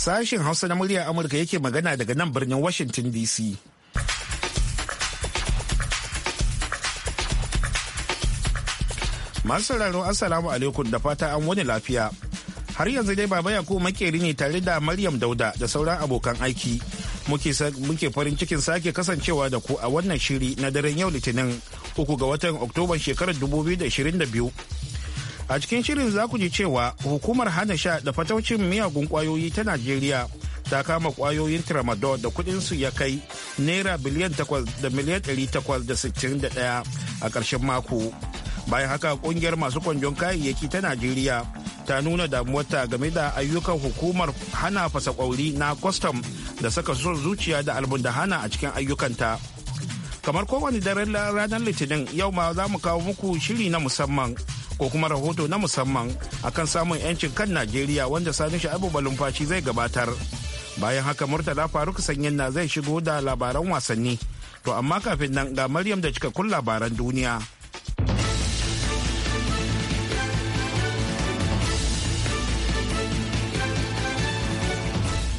Sashen Hausa na muryar Amurka yake magana daga nan birnin Washington DC. Masu sauraro Assalamu alaikum da fata an wani lafiya. Har yanzu dai Baba Yakubu makeri ne tare da Maryam Dauda da sauran abokan aiki. muke farin cikin sake kasancewa da ku a wannan shiri na daren yau litinin uku ga watan oktoba shekarar 2022 a cikin shirin za ku ji cewa hukumar hana sha da fataucin miyagun kwayoyi ta najeriya ta kama kwayoyin tramadol da kudinsu ya kai naira biliyan 8 da miliyan 861 a ƙarshen mako bayan haka kungiyar masu kwanjon kayayyaki ta najeriya ta nuna damuwarta game da ayyukan hukumar hana fasa kwauri na kwastam da saka son zuciya da hana a cikin ayyukanta kamar kowane daren ranar litinin yau ma za mu kawo muku shiri na musamman ko kuma rahoto na musamman akan samun 'yancin kan Najeriya wanda sani sha'abu balumfashi zai gabatar. Bayan haka Murtala Faruk Sanyin na zai shigo da labaran wasanni. To amma kafin nan ga Maryam da cikakkun labaran duniya.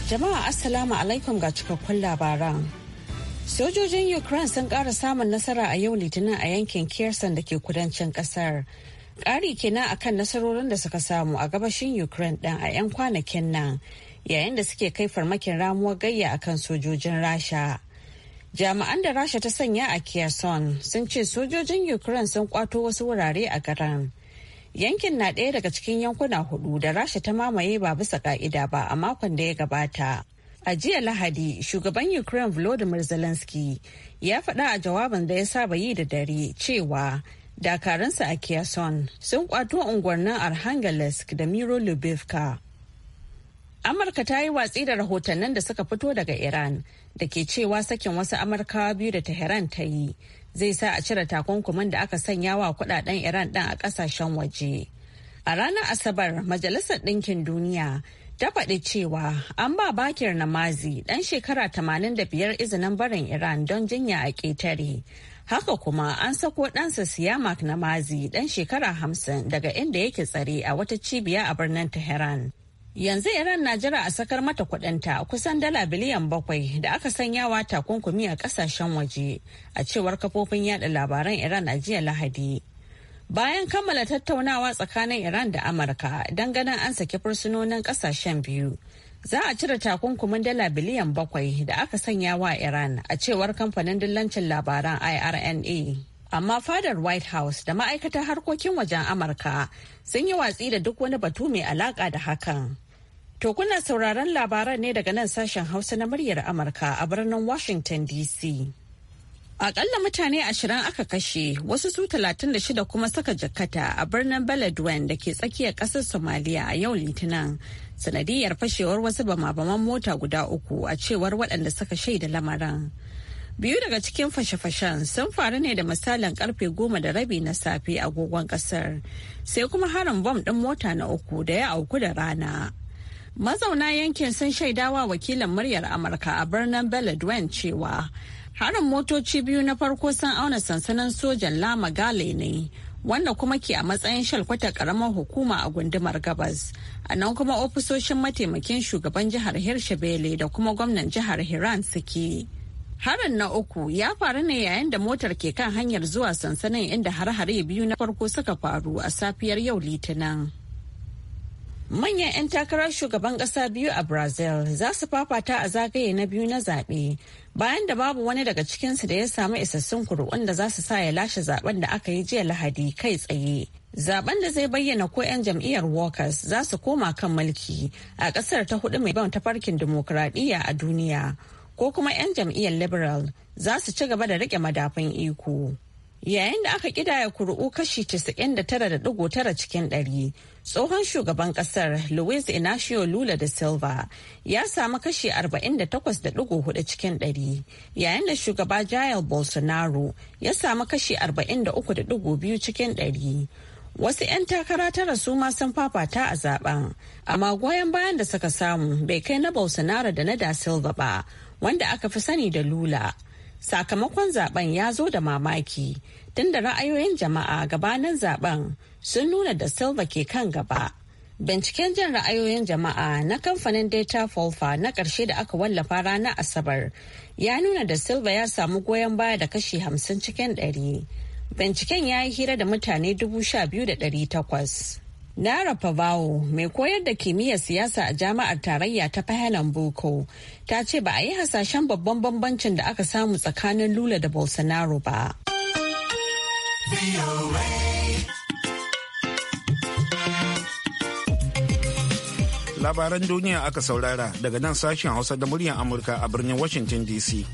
Jama'a Assalamu alaikum ga cikakkun labaran. Sojojin Ukraine sun ƙara samun nasara a yau Litinin a yankin Kherson da ke kudancin ƙasar Ƙari kenan kan nasarorin da suka samu a gabashin Ukraine ɗin a 'yan kwanakin nan yayin da suke kai farmakin ramuwar gayya akan sojojin Rasha. Jami'an da Rasha ta sanya a Kherson sun ce sojojin Ukraine sun kwato wasu wurare a garin. Yankin na ɗaya daga cikin yankuna hudu da Rasha ta mamaye ba bisa ka'ida ba a makon da ya gabata. A jiya Lahadi, shugaban Ukraine Volodymyr Zelensky ya faɗa a jawabin da ya saba yi da dare cewa dakaransa a kyason sun kwato unguwannin arhangelsk da miro lubivka amurka ta yi watsi da rahotannin da suka fito daga iran da ke cewa sakin wasu amurkawa biyu da tehran ta yi zai sa a cire takunkumin da aka sanya wa kudaden iran ɗin a ƙasashen waje a ranar asabar majalisar ɗinkin duniya ta faɗi cewa an ba bakir namazi ɗan shekara 85 izinin barin iran don jinya a ƙetare Haka kuma an sako ɗansa Siyamak na mazi ɗan shekara hamsin daga inda yake tsare a wata cibiya a birnin Tehran. Yanzu Iran na jira a sakar mata kudinta kusan dala biliyan bakwai da aka sanyawa takunkumi a kasashen waje a cewar kafofin yada labaran Iran a jiya Lahadi. Bayan kammala tattaunawa tsakanin Iran da Amurka don ganin an saki fursunonin kasashen biyu, Za a cire takunkumin dala biliyan bakwai da aka sanya wa Iran a cewar kamfanin dillancin labaran IRNA. Amma fadar White House da ma'aikatar harkokin wajen Amurka sun yi watsi da duk wani batu mai alaka da hakan. To kuna sauraron labaran ne daga nan sashen Hausa na muryar Amurka a birnin Washington DC. Akalla mutane ashirin aka kashe wasu su talatin da shida kuma saka jakkata a birnin Beledweyne da ke tsakiyar ƙasar Somalia a yau Litinin. Sanadiyar fashewar wasu bama-baman mota guda uku a cewar waɗanda suka shaida lamarin. Biyu daga cikin fashe-fashen sun faru ne da misalin karfe goma da rabi na safe agogon ƙasar. Sai kuma harin bom ɗin mota na uku da ya auku da rana. Mazauna yankin sun shaidawa wakilin muryar Amurka a birnin Beledweyne cewa Harin motoci biyu na farko sun auna sansanin sojan Lama Gale ne, wanda kuma ke a matsayin shalkwata karamar hukuma a gundumar gabas. A nan kuma ofisoshin mataimakin shugaban jihar Hirshabele da kuma gwamnan jihar Hiran suke. Harin na uku ya faru ne yayin da motar ke kan hanyar zuwa sansanin inda har-hare biyu na farko suka faru a safiyar yau litinin. manyan 'yan takarar shugaban kasa biyu a brazil za su fafata a zagaye na biyu na zaɓe bayan da babu wani daga cikinsu da ya samu isassun kuri'un da za su sa ya lashe zaben da aka yi jiya lahadi kai tsaye zaben da zai bayyana ko 'yan jam'iyyar walkers za su koma kan mulki a ƙasar ta hudu mai ban tafarkin dimokuraɗiyya a duniya ko kuma 'yan jam'iyyar liberal za su ci gaba da rike madafun iko yayin da aka kidaya kuri'u kashi 99.9 cikin ɗari tsohon shugaban kasar luis inacio lula da silva ya samu kashi 48.4 cikin 100 yayin da shugaba jair bolsonaro ya samu kashi 43.2 cikin 100 wasu 'yan takara tara su ma sun fafata a zaben amma goyon bayan da suka samu bai kai na bolsonaro da na da silva ba wanda aka fi sani da lula sakamakon zaben ya zo da mamaki tun da ra'ayoyin jama'a gabanin zaben sun nuna da silva ke kan gaba binciken jin ra'ayoyin jama'a na kamfanin data folfa na ƙarshe da aka wallafa ranar asabar ya nuna da silva ya samu goyon baya da kashi hamsin cikin ɗari binciken ya yi hira da mutane dubu sha biyu da ɗari takwas Nara Pavawo, mai koyar da kimiyyar siyasa a jami'ar tarayya ta Fahelan Boko, ta ce ba a yi hasashen babban bambancin da aka samu tsakanin Lula da Bolsonaro ba. Labaran duniya aka saurara daga nan sashen Hausa da muryar Amurka a birnin Washington DC.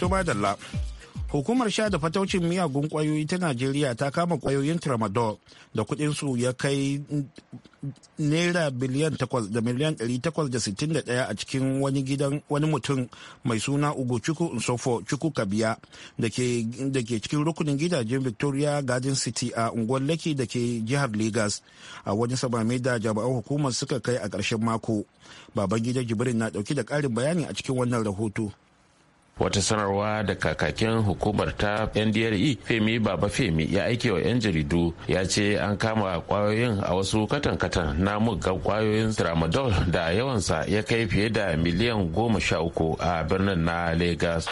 Tuma Dalla. hukumar sha da fataucin miyagun kwayoyi ta najeriya ta kama kwayoyin tramadol da su ya kai naira biliyan 8 da miliyan 861 a cikin wani gidan wani mutum mai suna ugochukwu nsofo chukwu kabiya da ke cikin rukunin gidajen victoria garden city a unguwar lekki da ke jihar lagos a wani samame da jami'an hukumar suka kai a ƙarshen mako baban gidan jibrin na ɗauki da ƙarin bayani a cikin wannan rahoto wata sanarwa da kakakin hukumar ta ndre femi baba femi ya aike wa 'yan jaridu ya ce an kama kwayoyin a wasu katan-katan na muggan kwayoyin tramadol da yawansa ya kai fiye da miliyan goma sha uku a birnin na lagos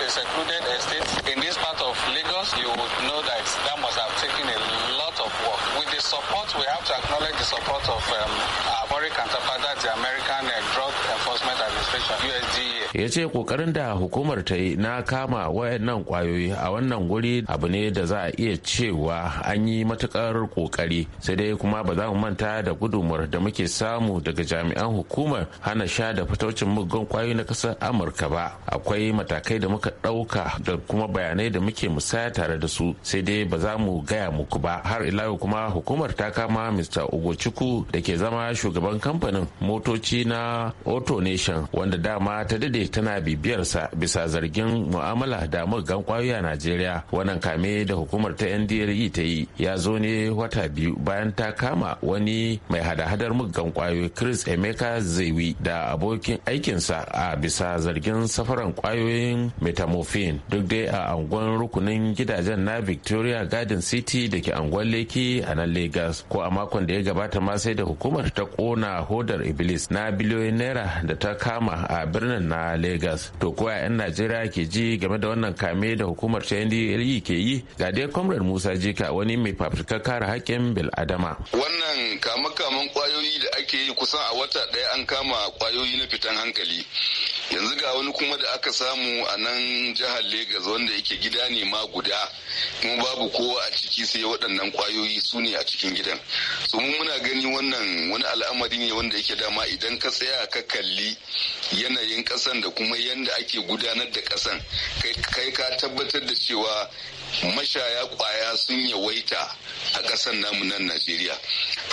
support we have to acknowledge the support of um, our foreign counterpart the american uh, drug enforcement administration usda e. ya ce kokarin da hukumar ta yi na kama wayannan kwayoyi a wannan guri abu ne da za a iya cewa an yi matukar kokari sai dai kuma ba za mu manta da gudumar da muke samu daga jami'an hukumar hana sha da fitocin muggan kwayoyi na kasar amurka ba akwai matakai da muka ɗauka da kuma bayanai da muke musaya tare da su sai dai ba za mu gaya muku ba har ila kuma hukumar ta kama mr ogochukwu da ke zama shugaban kamfanin motoci na auto nation wanda dama ta dade tana bibiyarsa bisa zargin mu'amala da mugan kwayoyi a najeriya wannan kame da hukumar ta ndle ta yi ya zo ne wata biyu bayan ta kama wani mai hada-hadar muggan kwayoyi chris emeka zewi da abokin aikinsa a bisa zargin safaran kwayoyin metamorphine duk dai a angon rukunin gidajen na victoria garden city da ke angon leki a nan lagos ko a makon da ya gabata ma sai da hukumar ta kona hodar iblis na biliyoyin naira da ta kama a birnin na a Legas. To ko 'yan Najeriya ke ji game da wannan kame da hukumar ta NDLE ke yi ga dai Comrade Musa Jika wani mai fafutukar kare haƙƙin bil'adama. Wannan kama-kaman kwayoyi da ake yi kusan a wata ɗaya an kama kwayoyi na fitan hankali. yanzu ga wani kuma da aka samu a nan jihar Legas wanda yake gida ne ma guda kuma babu kowa a ciki sai waɗannan kwayoyi su ne a cikin gidan so mun muna gani wannan wani al'amari ne wanda yake dama idan ka tsaya ka kalli yanayin ƙasan da kuma yanda ake gudanar da ƙasan kai ka tabbatar da cewa mashaya kwaya sun yawaita a kasan namu nan Najeriya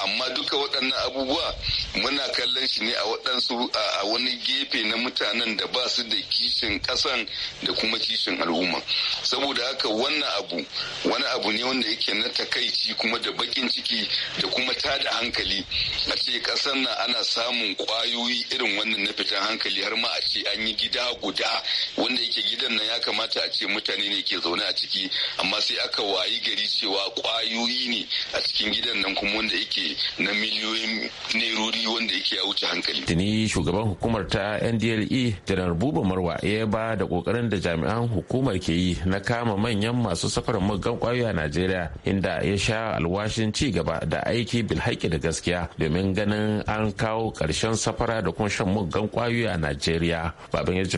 amma duka waɗannan abubuwa muna kallon shi ne a waɗansu a wani gefe na mutanen da ba su da kishin ƙasan da kuma kishin al'umma saboda haka wannan abu wani abu ne wanda yake na takaici kuma da bakin ciki da kuma tada hankali a ce ƙasan na ana samun ƙwayoyi irin wannan na fitan hankali har ma a ce an yi gida guda wanda yake gidan nan ya kamata a ce mutane ne ke zaune a ciki amma sai aka wayi gari cewa ƙwayoyi ne a cikin gidan nan kuma wanda yake yake na miliyoyin nerori wanda yake ya wuce hankali. Tuni shugaban hukumar ta NDLE Janar Buba Marwa ya ba da kokarin da jami'an hukumar ke yi na kama manyan masu safarar muggan kwayoyi a Najeriya inda ya sha alwashin ci gaba da aiki bilhaki da gaskiya domin ganin an kawo karshen safara da kuma shan muggan kwayoyi a Najeriya. Baban ya ji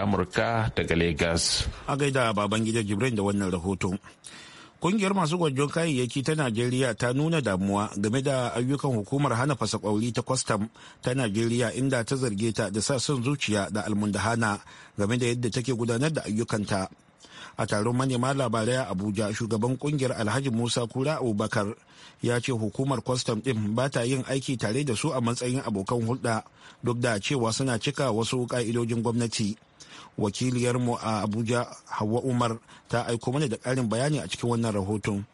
Amurka daga Lagos. A gaida baban gida Jibrin da wannan rahoton. Kungiyar masu gwajon kayayyaki ta Najeriya ta nuna damuwa game da ayyukan hukumar hana fasakwauri ta kwastam ta Najeriya inda ta zarge ta da sa son zuciya da almundahana game da yadda take gudanar da ayyukanta. a taron manema labarai a abuja shugaban kungiyar alhaji musa kura abubakar ya ce hukumar kwastam din ba ta yin aiki tare da su a matsayin abokan hulɗa duk da cewa suna cika wasu ƙa'idojin gwamnati wakiliyarmu a abuja hawa umar ta aiko mana da ƙarin bayani a cikin wannan rahoton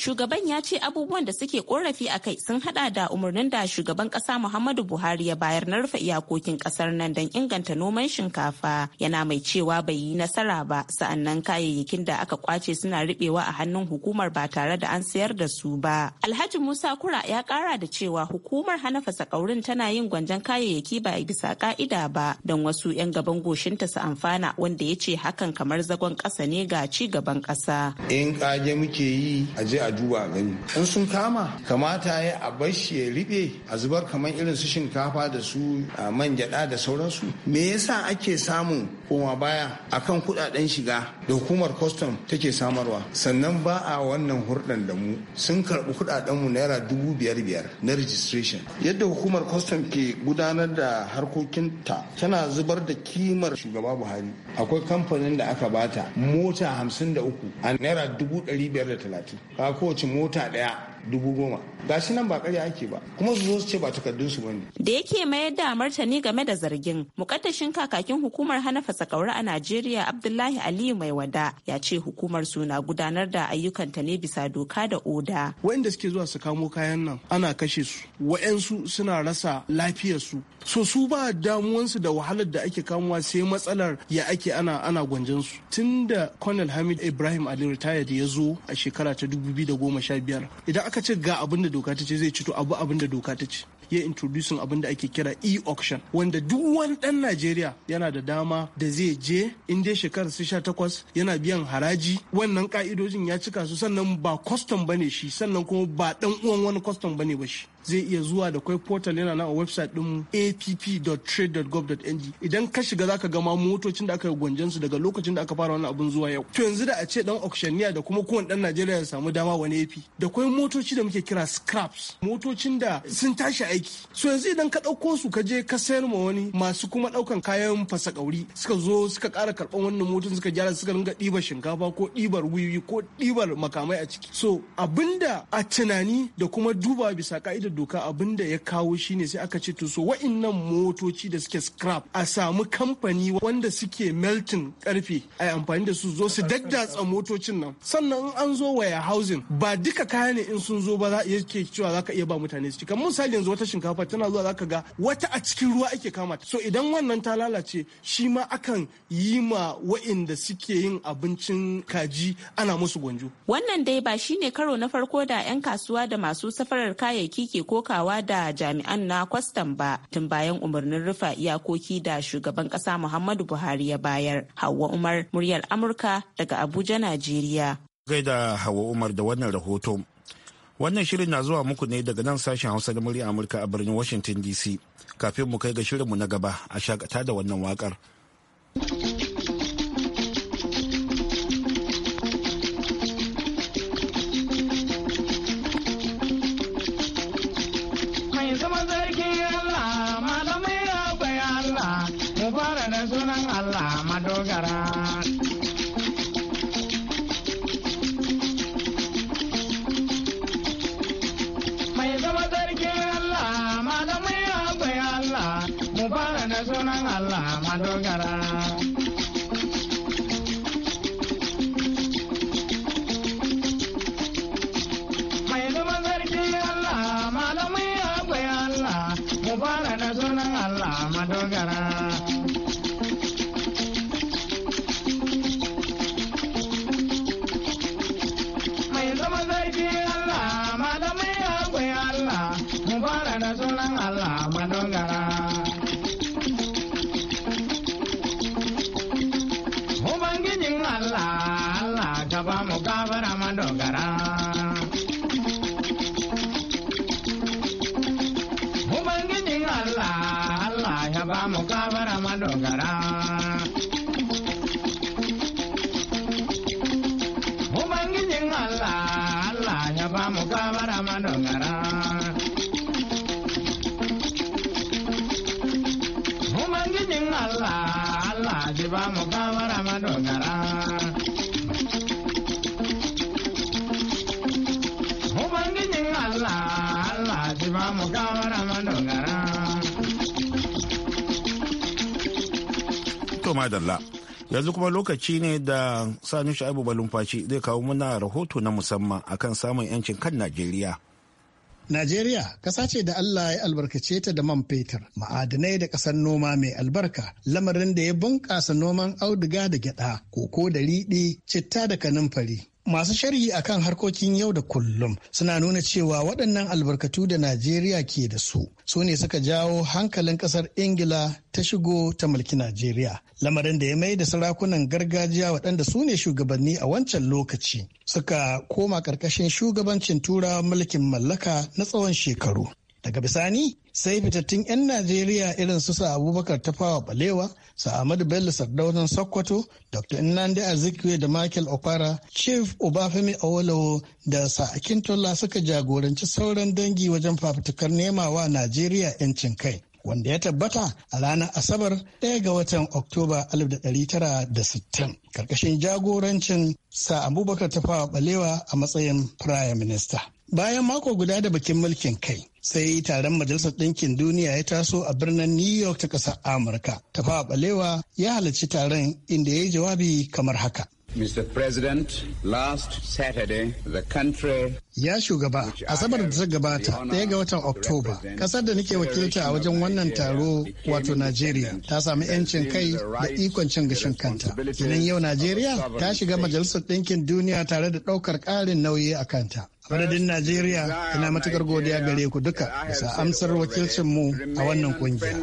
Shugaban ya ce abubuwan da suke korafi a kai sun hada da umarnin da shugaban kasa Muhammadu Buhari ya bayar na rufe iyakokin kasar nan don inganta noman shinkafa. Yana mai cewa bai yi nasara ba sa'annan kayayyakin da aka kwace suna ribewa a hannun hukumar ba tare da an sayar da su ba. Alhaji Musa Kura ya kara da cewa hukumar hana fasakaurin tana yin gwanjan kayayyaki ba bisa ka'ida ba don wasu 'yan gaban goshinta su amfana wanda ya ce hakan kamar zagon ƙasa ne ga ci gaban ƙasa. In kage muke yi a je a a duba gani in sun kama kamata ya a bar shi ya riɓe a zubar kamar irin su shinkafa da su man gyada da sauransu me yasa ake samun koma baya akan kudaden shiga da hukumar custom take samarwa sannan ba a wannan hurdan da mu sun karɓi kudaden mu naira dubu biyar biyar na registration yadda hukumar custom ke gudanar da harkokinta tana zubar da kimar shugaba buhari akwai kamfanin da aka bata mota hamsin da uku a naira dubu ɗari biyar da talatin kowace mota ɗaya dubu goma ga shi nan ba karya ake ba kuma su zo su ce ba takardunsu ba ne. da yake mayar da martani game da zargin mukaddashin kakakin hukumar hana kauri a najeriya abdullahi aliyu mai wada ya ce hukumar su na gudanar da ayyukan ta ne bisa doka da oda. waɗanda suke zuwa su kamo kayan nan ana kashe su waɗansu suna rasa lafiyarsu so su ba damuwansu da wahalar da ake kamuwa sai matsalar ya ake ana ana gwanjansu tun da colonel hamid ibrahim ali retired ya zo a shekara ta 2015 idan aka ce ga abin da doka ta ce zai cito abu abin da doka ta ce ya introducing abin da ake kira e-auction wanda duk wani dan Najeriya yana da dama da zai je in dai shekarar su takwas yana biyan haraji wannan ka'idojin ya cika su sannan ba kwastam bane shi sannan kuma ba dan uwan wani kwastam bane ba shi zai iya zuwa da kwai portal yana nan a website din app.trade.gov.ng idan ka shiga zaka ga ma motocin da aka yi gwanjan su daga lokacin da aka fara wannan abun zuwa yau to yanzu da a ce dan auctioneer da kuma kowane dan Najeriya ya samu dama wani AP da kwai motoci da muke kira scraps motocin da sun tashi aiki so yanzu idan ka dauko su ka je ka sayar ma wani masu kuma daukan kayan fasa kauri suka zo suka kara karban wannan motocin suka gyara suka ringa diba shinkafa ko dibar wiwi ko dibar makamai a ciki so abinda a tunani da kuma duba bisa ka'idar da doka abin da ya kawo shine sai aka ce to so wa'innan motoci da suke scrap a samu kamfani wanda suke melting karfe a amfani da su zo su daddatsa motocin nan sannan an zo waya housing ba duka kaya ne in sun zo ba za yake cewa zaka iya ba mutane su cika misali yanzu wata shinkafa tana zuwa zaka ga wata a cikin ruwa ake kama ta so idan wannan ta lalace shi ma akan yi ma wa'inda suke yin abincin kaji ana musu gwanjo wannan dai ba shine karo na farko da 'yan kasuwa da masu safarar kayayyaki ke ke kokawa da jami'an na kwastam ba tun bayan umarnin rufe iyakoki da shugaban kasa Muhammadu Buhari ya bayar. Hauwa Umar muryar Amurka daga Abuja, Najeriya. Gaida Hauwa Umar da wannan rahoto. Wannan shirin na zuwa muku ne daga nan sashen Hausa da muryar Amurka a birnin Washington DC. Kafin mu kai ga shirinmu na gaba a shakata da wannan wakar. ka ba mu gawar Dalla. yanzu kuma lokaci ne da sani sha'ibu balumfaci zai kawo mana rahoto na musamman akan samun yancin kan najeriya Najeriya ƙasa ce da Allah ya albarkace ta da man fetur, ma'adinai da ƙasar noma mai albarka, lamarin da ya bunƙasa noman auduga da gyada, koko da riɗi, citta da kanumfari. masu sharhi kan harkokin yau da kullum suna nuna cewa waɗannan albarkatu da najeriya ke da su su ne suka jawo hankalin ƙasar ingila ta shigo ta mulki najeriya lamarin da ya mai da sarakunan gargajiya waɗanda su ne shugabanni a wancan lokaci suka koma ƙarƙashin shugabancin turawa mulkin mallaka na tsawon shekaru daga bisani sai fitattun 'yan najeriya irin su sa abubakar tafawa balewa sa ahmadu bello sardaunan sokoto dr nnamdi azikiwe da michael opara chief obafemi awolowo da sa akintola suka jagoranci sauran dangi wajen fafutukar nemawa najeriya 'yancin kai wanda ya tabbata a ranar asabar 1 ga watan oktoba 1960 karkashin jagorancin sa abubakar tafawa balewa a matsayin prime minister Bayan mako guda da bikin mulkin kai, sai taron Majalisar Ɗinkin Duniya ya taso a birnin New York ta ƙasar Amurka. ta Tafawa Balewa ya halarci taron inda ya yi jawabi kamar haka. Mr. President, last Saturday, the country Ya shugaba, Asabar da ta gabata ɗaya ga watan Oktoba, ƙasar da nake wakilta a wajen wannan taro wato Najeriya ta sami 'yancin kai da ikon cin gashin kanta. Kenan yau Najeriya ta shiga Majalisar Ɗinkin Duniya tare da ɗaukar ƙarin nauyi a kanta. madadin najeriya ina matukar godiya gare ku duka bisa amsar wakilcin mu a wannan kungiya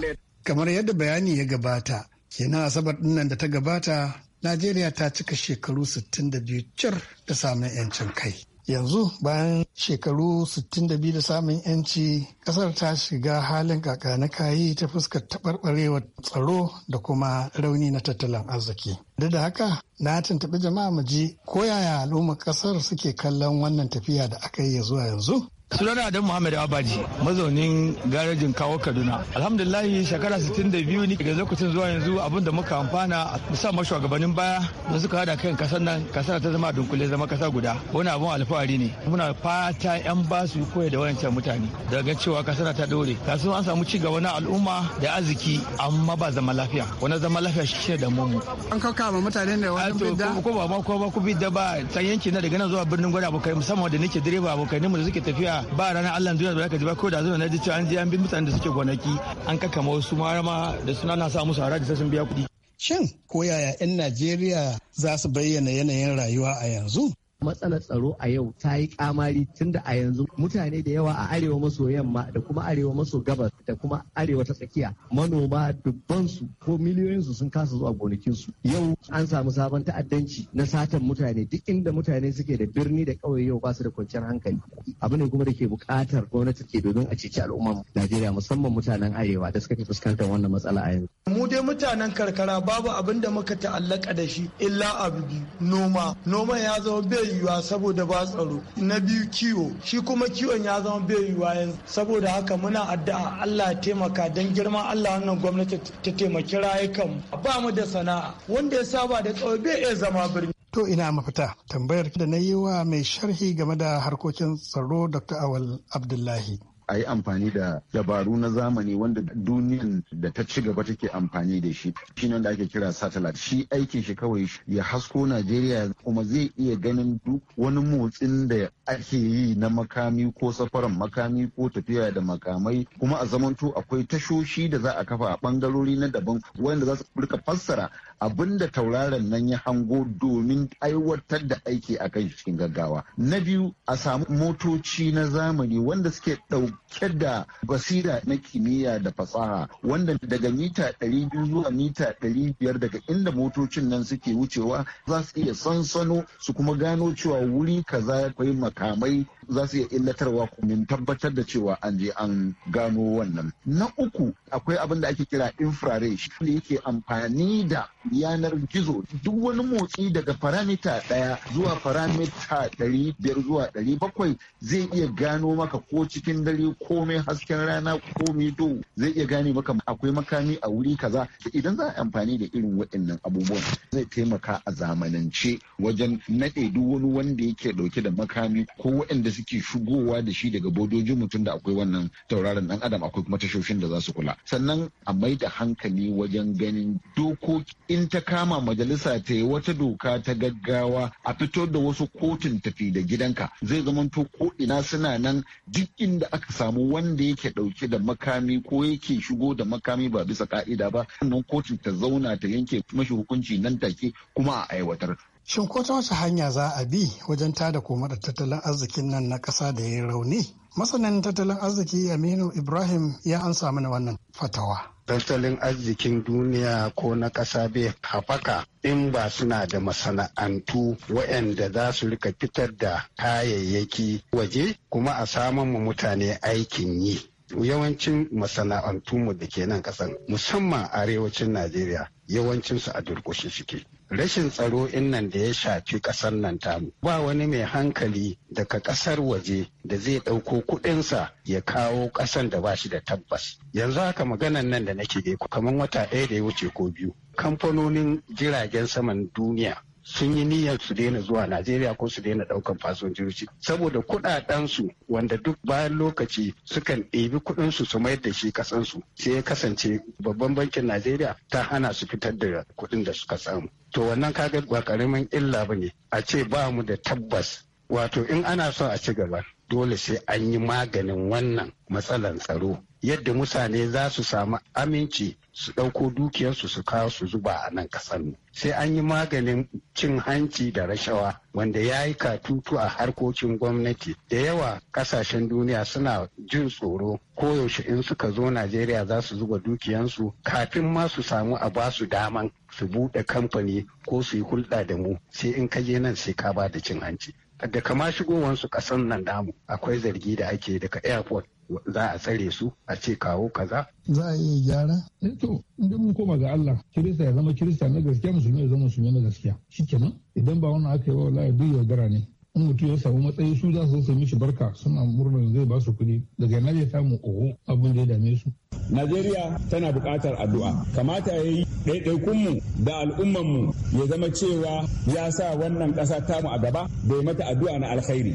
kamar yadda bayani ya gabata kenan asabar dinnan da ta gabata najeriya ta cika shekaru 62 cir da samun yancin kai yanzu bayan shekaru 62 da samun yanci kasar ta shiga halin kaka na kayi ta fuskar taɓarɓarewar tsaro da kuma rauni na tattalin arziki Duk da haka na tuntuɓi jama'a mu ji ko yaya al'ummar ƙasar suke kallon wannan tafiya da aka yi zuwa yanzu. sunana adam muhammad abaji mazaunin garejin kawo kaduna alhamdulilahi shekara 62 ne daga lokacin zuwa yanzu abin da muka amfana musamman shugabannin baya da suka hada kan kasar nan kasar ta zama dunkule zama kasa guda wani abun alfahari ne muna fata yan ba su koya da wayancan mutane daga cewa kasar ta dore kasu an samu ci gaba na al'umma da arziki amma ba zama lafiya wani zama lafiya shi ne da mu an kauka ma mutane da wani bidda ko ba ma ko ba ku bidda ba ta yanki na daga nan zuwa birnin gwada abokai musamman da nake direba abokai ne mu da suke tafiya ba ranar Allah duniya da zaka ji ba ko da zuwa na ji cewa an je an bi mutanen da suke gonaki an kakama wasu ma da suna na sa musu haraji sai sun biya kuɗi Shin ko yaya 'yan Najeriya za su bayyana yanayin rayuwa a yanzu? matsalar tsaro a yau ta yi kamari tun da a yanzu mutane da yawa a arewa maso yamma da kuma arewa maso gabas da kuma arewa ta tsakiya manoma dubbansu ko miliyoyin miliyoyinsu sun kasa zuwa gonakinsu yau an samu sabon ta'addanci na satan mutane duk inda mutane suke da birni da ƙauye yau ba su da kwanciyar hankali abu ne kuma da ke buƙatar gwamnati ke domin a ceci al'ummar Najeriya musamman mutanen arewa da suka fi fuskantar wannan matsala a yanzu. Mu dai mutanen karkara babu abin da muka ta'allaka da shi illa abu noma noma ya zama bai yiwuwa saboda ba tsaro na biyu kiwo shi kuma kiwon ya zama bai yiwuwa yanzu saboda haka muna addu'a Allah ya taimaka don girman Allah wannan gwamnati ta taimaki rayukan ba mu da sana'a wanda ya saba da tsaro bai iya zama birni To ina mafita tambayar da na yi wa mai sharhi game da harkokin tsaro Dr. Awal Abdullahi. a yi amfani da dabaru na zamani wanda duniyan da ta ci gaba take amfani da shi shi nan da ake kira satellite shi aikin shi kawai ya hasko najeriya kuma zai iya ganin duk wani motsin da ake yi na makami ko safaran makami ko tafiya da makamai kuma a zamanto akwai tashoshi da za a kafa a bangarori na daban wanda za su rika fassara abin da tauraron nan ya hango domin aiwatar da aiki a kan cikin gaggawa na biyu a samu motoci na zamani wanda suke ɗauka cike da basira na kimiyya da fasaha wanda daga mita 200 zuwa mita 500 daga inda motocin nan suke wucewa za su iya sansano su kuma gano cewa wuri kaza akwai makamai za su iya illatarwa kumin tabbatar da cewa an je an gano wannan. Na uku akwai abin da ake kira infrared da yake amfani da yanar gizo duk wani motsi daga faramita ɗaya zuwa faramita ɗari zuwa ɗari zai iya gano maka ko cikin dare komai komai hasken rana komai duhu zai iya gane maka akwai makami a wuri kaza da idan za a amfani da irin waɗannan abubuwan zai taimaka a zamanance wajen naɗe duk wani wanda yake ɗauke da makami ko waɗanda suke shigowa da shi daga bodoji mutum da akwai wannan tauraron ɗan adam akwai kuma tashoshin da za su kula sannan a mai da hankali wajen ganin dokoki in ta kama majalisa ta yi wata doka ta gaggawa a fito da wasu kotun tafi da gidanka zai zamanto ko ina suna nan duk inda aka samu wanda yake dauke da makami ko yake shigo da makami ba bisa ka'ida ba sannan kotun ta zauna ta yanke mashi hukunci nan take kuma a aiwatar Shin ko ta wace hanya za a bi wajen tada koma da tattalin arzikin nan na ƙasa da ya rauni? Masanin tattalin arziki Aminu Ibrahim ya ansa mana wannan fatawa. tattalin arzikin duniya ko na ƙasa bai hafaka. in ba suna da masana'antu waɗanda za su rika fitar da kayayyaki waje kuma a saman mu mutane aikin yi. Yawancin masana'antu mu da ke nan ƙasan musamman arewacin Najeriya yawancinsu a durƙushe suke. rashin tsaro in nan da ya shafi ƙasar nan tamu ba wani mai hankali daga ƙasar waje da zai ɗauko kuɗinsa ya kawo ƙasan da ba shi da tabbas yanzu haka maganan nan da nake ku kamar wata ɗaya da ya wuce ko biyu kamfanonin jiragen saman duniya sun yi niyyar su daina zuwa Najeriya ko su daina daukan fasinjoji saboda kudaden su wanda duk bayan lokaci sukan ɗebi kuɗin su su mayar da shi kasan su sai ya kasance babban bankin Najeriya ta hana su fitar da kuɗin da suka samu to wannan kaga ba karamin illa bane a ce ba mu da tabbas wato in ana so a ci gaba dole sai an yi maganin wannan matsalan tsaro yadda mutane za su samu aminci su ɗauko dukiyarsu su kawo su zuba a nan ƙasar mu sai an yi maganin cin hanci da rashawa wanda ya yi katutu a harkokin gwamnati da yawa ƙasashen duniya suna jin tsoro koyaushe in suka zo najeriya za su zuba dukiyansu kafin ma su samu a ba su daman su buɗe kamfani ko su yi hulɗa da mu sai in ka je nan sai ka ba da cin hanci da kama shigowansu kasan nan damu akwai zargi da ake daga airport za a tsare su a ce kawo kaza. Za a iya gyara? Eh to, idan mun koma ga Allah, Kirista ya zama Kirista na gaskiya, Musulmi ya zama Musulmi na gaskiya. Shikenan, idan ba wannan aka yi wa wallahi duk yaudara ne. in mutum ya samu matsayi su za su sami shi barka suna murnar zai ba su kuɗi daga yana zai samu oho abin da ya dame su. Najeriya tana buƙatar addu'a kamata ya yi ɗaiɗaikunmu da al'ummanmu ya zama cewa ya sa wannan ƙasa tamu a gaba bai mata addu'a na alkhairi.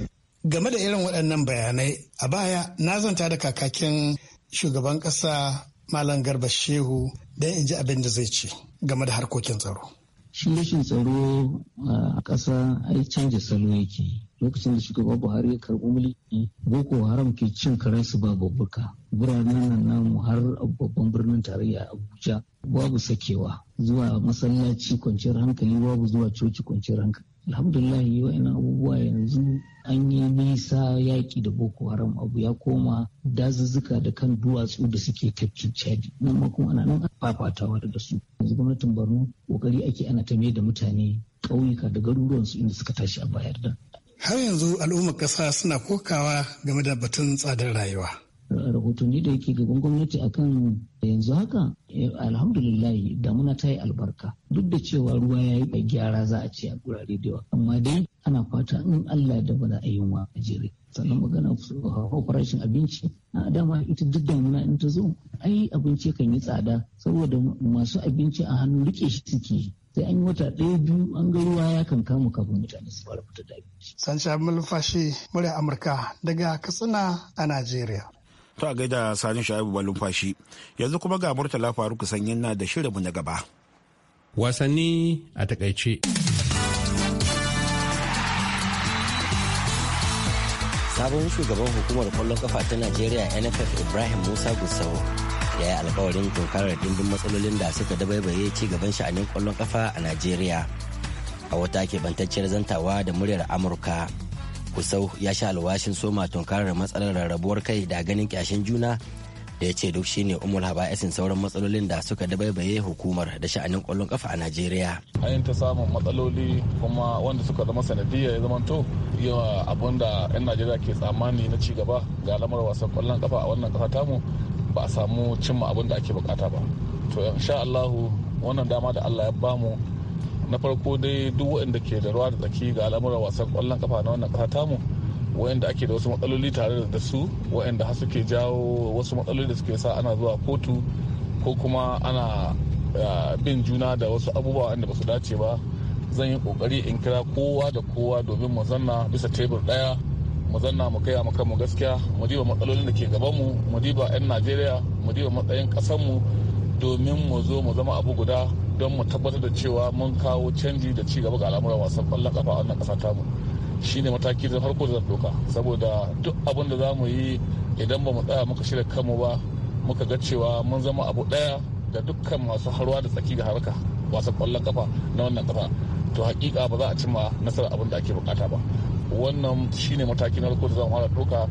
Game da irin waɗannan bayanai a baya na zanta da kakakin shugaban ƙasa Malam Garba Shehu don in ji abin da zai ce game da harkokin tsaro. shi rashin tsaro eh, a ƙasa yi canja salo yake lokacin da shugaba har ya karɓi mulki boko haram ke cin karensu ba babbuka biranen nan namu har babban birnin tarayya abuja babu sakewa zuwa masallaci kwanciyar hankali babu zuwa coci kwanciyar hankali alhamdulillahi wa'annan abubuwa yanzu an yi nisa yaƙi da boko haram abu ya koma dazuzzuka da kan duwatsu da suke tafkin cadi nan ma kuma ana nan fafatawa da su yanzu gwamnatin borno kokari ake ana ta da mutane ƙauyuka da garuruwansu inda suka tashi a bayar da har yanzu al'ummar ƙasa suna kokawa game da batun tsadar rayuwa rahotanni da yake gaban gwamnati akan yanzu haka eh, alhamdulillah damuna ta yi albarka duk da cewa ruwa ya yi gyara za a ce a gurare da yawa amma dai ana fata in allah da bana a yi wa jere sannan magana farashin abinci a dama ita duk damuna in ta zo ai abinci kan yi tsada saboda masu abinci a hannu rike shi suke sai an yi wata ɗaya biyu an ga ruwa ya kan kama kafin mutane su fara fita da abinci. Sancha Malfashi, murya Amurka daga Katsina a Najeriya. To a gaida Sani Sha'ibu numfashi Yanzu kuma ga Murtala Faruk Sanyin na da shirinmu na gaba. Wasanni a takaice. Sabon shugaban hukumar kwallon kafa ta Najeriya NFF Ibrahim Musa Gusau ya yi alkawarin tunkarar dimbin matsalolin da suka dabaibaye ci gaban sha'anin kwallon kafa a Najeriya. A wata bantacciyar zantawa da muryar Amurka. kusau ya sha alwashin soma tunkarar matsalar rarrabuwar kai da ganin kyashin juna da ya ce duk shi shine umul haba'isin sauran matsalolin da suka dabaibaye hukumar da sha'anin kwallon kafa a najeriya Ayin ta samun matsaloli kuma wanda suka zama sanadiyya ya zama to yawa abun da 'yan najeriya ke tsammani na ci gaba ga lamar wasan kwallon kafa a wannan kafa tamu ba a samu cimma abun da ake bukata ba to in sha allahu wannan dama da allah ya bamu na farko dai duk waɗanda ke da ruwa da tsaki ga al'amuran wasan kwallon kafa na wannan ƙasa tamu waɗanda ake da wasu matsaloli tare da su waɗanda har suke jawo wasu matsaloli da suke sa ana zuwa kotu ko kuma ana bin juna da wasu abubuwa wanda ba su dace ba zan yi kokari in kira kowa da kowa domin mu zanna bisa tebur ɗaya mu zanna mu kai maka mu gaskiya mu diba matsalolin da ke gaban mu mu diba yan najeriya mu diba matsayin kasar mu domin mu zo mu zama abu guda don mu tabbatar da cewa mun kawo canji da ci gaba ga al'amuran wasan kwallon kafa a wannan kasa tamu shine mataki da farko da doka saboda duk abin da za mu yi idan ba mu tsaya muka shirya kanmu ba muka ga cewa mun zama abu daya da dukkan masu harwa da tsaki ga harka wasan kwallon kafa na wannan kafa to hakika ba za a cimma nasara abin da ake bukata ba wannan shine mataki na farko da zan fara doka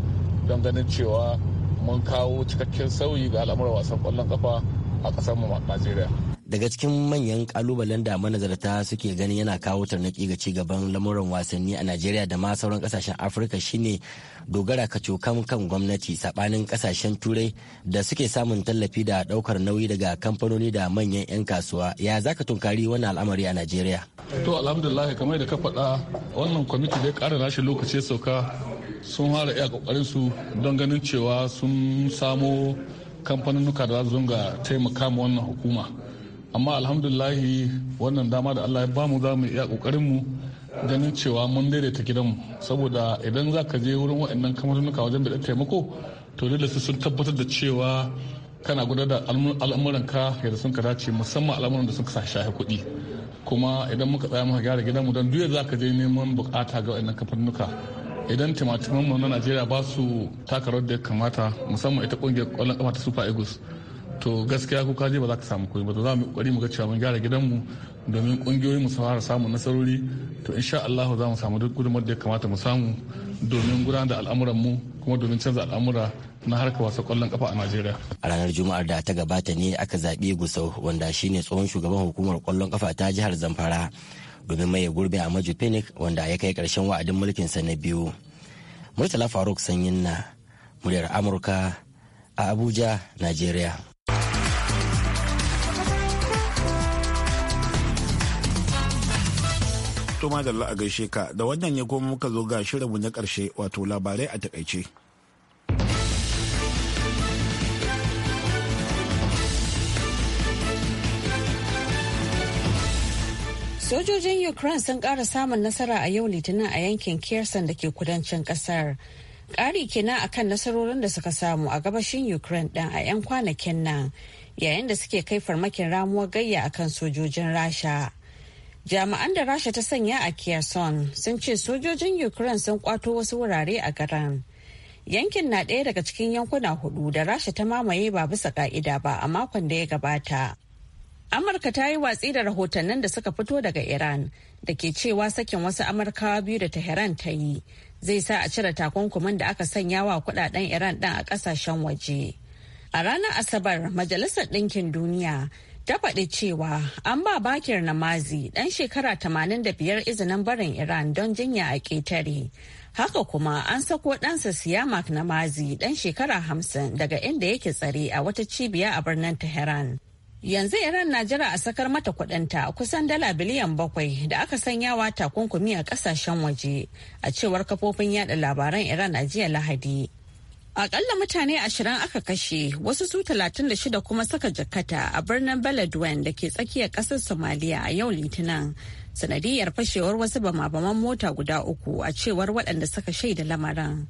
don ganin cewa mun kawo cikakken sauyi ga al'amuran wasan kwallon kafa a kasar mu Najeriya daga cikin manyan kalubalen da manazarta suke ganin yana kawo tarnaki ga cigaban lamuran wasanni a najeriya da ma sauran kasashen afirka shine dogara ka kacokam kan gwamnati sabanin kasashen turai da suke samun tallafi da ɗaukar nauyi daga kamfanoni da manyan 'yan kasuwa ya zaka tunkari wannan al'amari a najeriya to alhamdulillah kamar da ka faɗa wannan kwamiti da ƙara nashi lokaci sauka sun fara iya kokarin su don ganin cewa sun samo kamfanonuka da za su zunga taimaka ma wannan hukuma amma alhamdulahi wannan dama da allah ya bamu za mu iya kokarin mu ganin cewa mun daidaita gidanmu saboda idan za ka je wurin waɗannan kamfanonuka wajen da taimako to dole su sun tabbatar da cewa kana gudanar da al'amuranka yadda sun ka dace musamman al'amuran da sun ka shahe kuɗi kuma idan muka tsaya muka gyara gidanmu don duk za ka je neman bukata ga waɗannan kamfanonuka idan timatiman mu na najeriya ba su taka da ya kamata musamman ita ƙungiyar ƙwallon kafa ta super eagles to gaskiya ko kaje ba za ka samu koyi ba to za mu kokari mu ga cewa mun gyara gidanmu domin kungiyoyin mu su fara samun nasarori to insha Allah za mu samu duk gudunmawar da ya kamata mu samu domin gudanar da al'amuran mu kuma domin canza al'amura na harkar wasa kwallon kafa a Najeriya. A ranar Juma'ar da ta gabata ne aka zaɓi Gusau wanda shine tsohon shugaban hukumar kwallon kafa ta jihar Zamfara domin maye gurbi a Maju Phoenix wanda ya kai ƙarshen wa'adin mulkin sa na biyu. Murtala Faruk Sanyin na muryar Amurka a Abuja, Najeriya. To madalla a gaishe ka da wannan ya kuma muka zo ga shirinmu na karshe wato labarai a takaice. Sojojin Ukraine sun kara samun nasara a yau litinin a yankin Kherson da ke kudancin kasar. Ƙari kenan akan nasarorin da suka samu a gabashin Ukraine ɗin a 'yan kwanakin nan yayin da suke kai farmakin ramuwar gayya akan sojojin Rasha. jami'an da rasha ta sanya a kherson sun ce sojojin ukraine sun kwato wasu wurare a garin yankin na ɗaya daga cikin yankuna hudu da rasha ta mamaye ba bisa ka'ida ba a makon da ya gabata amurka ta yi watsi da rahotannin da suka fito daga iran da ke cewa sakin wasu amurkawa biyu da tehran ta yi zai sa a cire takunkumin da aka sanya wa kudaden iran ɗin a ƙasashen waje a ranar asabar majalisar ɗinkin duniya ta faɗi cewa an ba bakir namazi ɗan shekara tamanin da biyar izinin barin iran don jinya a ƙetare haka kuma an sako ɗansa siyamak namazi ɗan shekara hamsin daga inda yake tsare a wata cibiya a birnin tehran yanzu iran na jira a sakar mata kudinta kusan dala biliyan bakwai da aka sanyawa takunkumi a kasashen waje a cewar kafofin yada labaran iran a jiya lahadi Akalla mutane ashirin aka kashe wasu su talatin da shida kuma saka jakata a birnin Beledweyne da ke tsakiyar ƙasar Somalia a yau Litinin. Sanadiyar fashewar wasu bama-baman mota guda uku a cewar waɗanda suka shaida lamarin.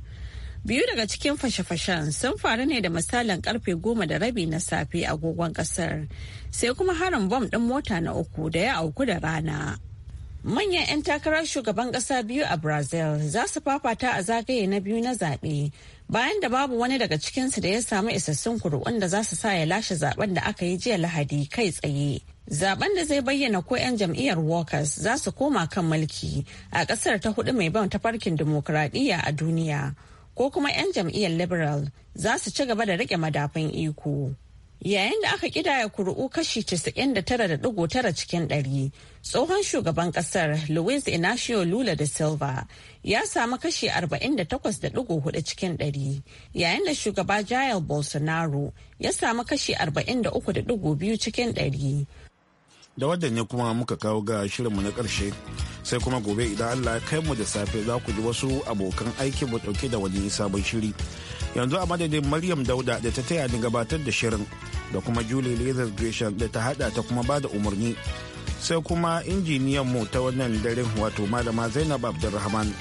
Biyu daga cikin fashe-fashen sun faru ne da misalin karfe goma da rabi na safe a gogon ƙasar. Sai kuma harin bom ɗin mota na uku da ya auku da rana. Manyan 'yan takarar shugaban ƙasa biyu a Brazil za su fafata a zagaye na biyu na zaɓe bayan da babu wani daga cikinsu da ya samu isassun kuri'un da za su sa ya lashe zaben da aka yi jiya lahadi kai tsaye zaben da zai bayyana ko 'yan jam'iyyar workers za su koma kan mulki a kasar ta hudu mai ban tafarkin dimokuraɗiyya a duniya ko kuma 'yan jam'iyyar liberal za su ci gaba da rike madafin iko yayin da aka kidaya kuri'u kashi 99.9 cikin dari tsohon shugaban kasar luis inacio lula da silva ya samu kashi 48.4 cikin dari yayin da shugaba jair bolsonaro ya samu kashi 43.2 cikin dari. da wadda ne kuma muka kawo ga shirinmu na ƙarshe sai kuma gobe idan allah ya kai mu da safe za ku ji wasu abokan aiki mu ɗauke da wani sabon shiri yanzu a madadin maryam dauda da ta taya ni gabatar da shirin da kuma julie leather gresham da ta hada ta kuma bada umarni sai kuma injiniyan mu ta wannan daren wato malama zainab abdulrahman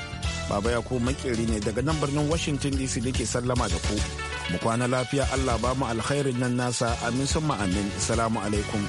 baba ya ko makeri ne daga nan birnin washington dc da ke sallama da ku mu kwana lafiya allah ba mu alkhairin nan nasa amin sun amin salamu alaikum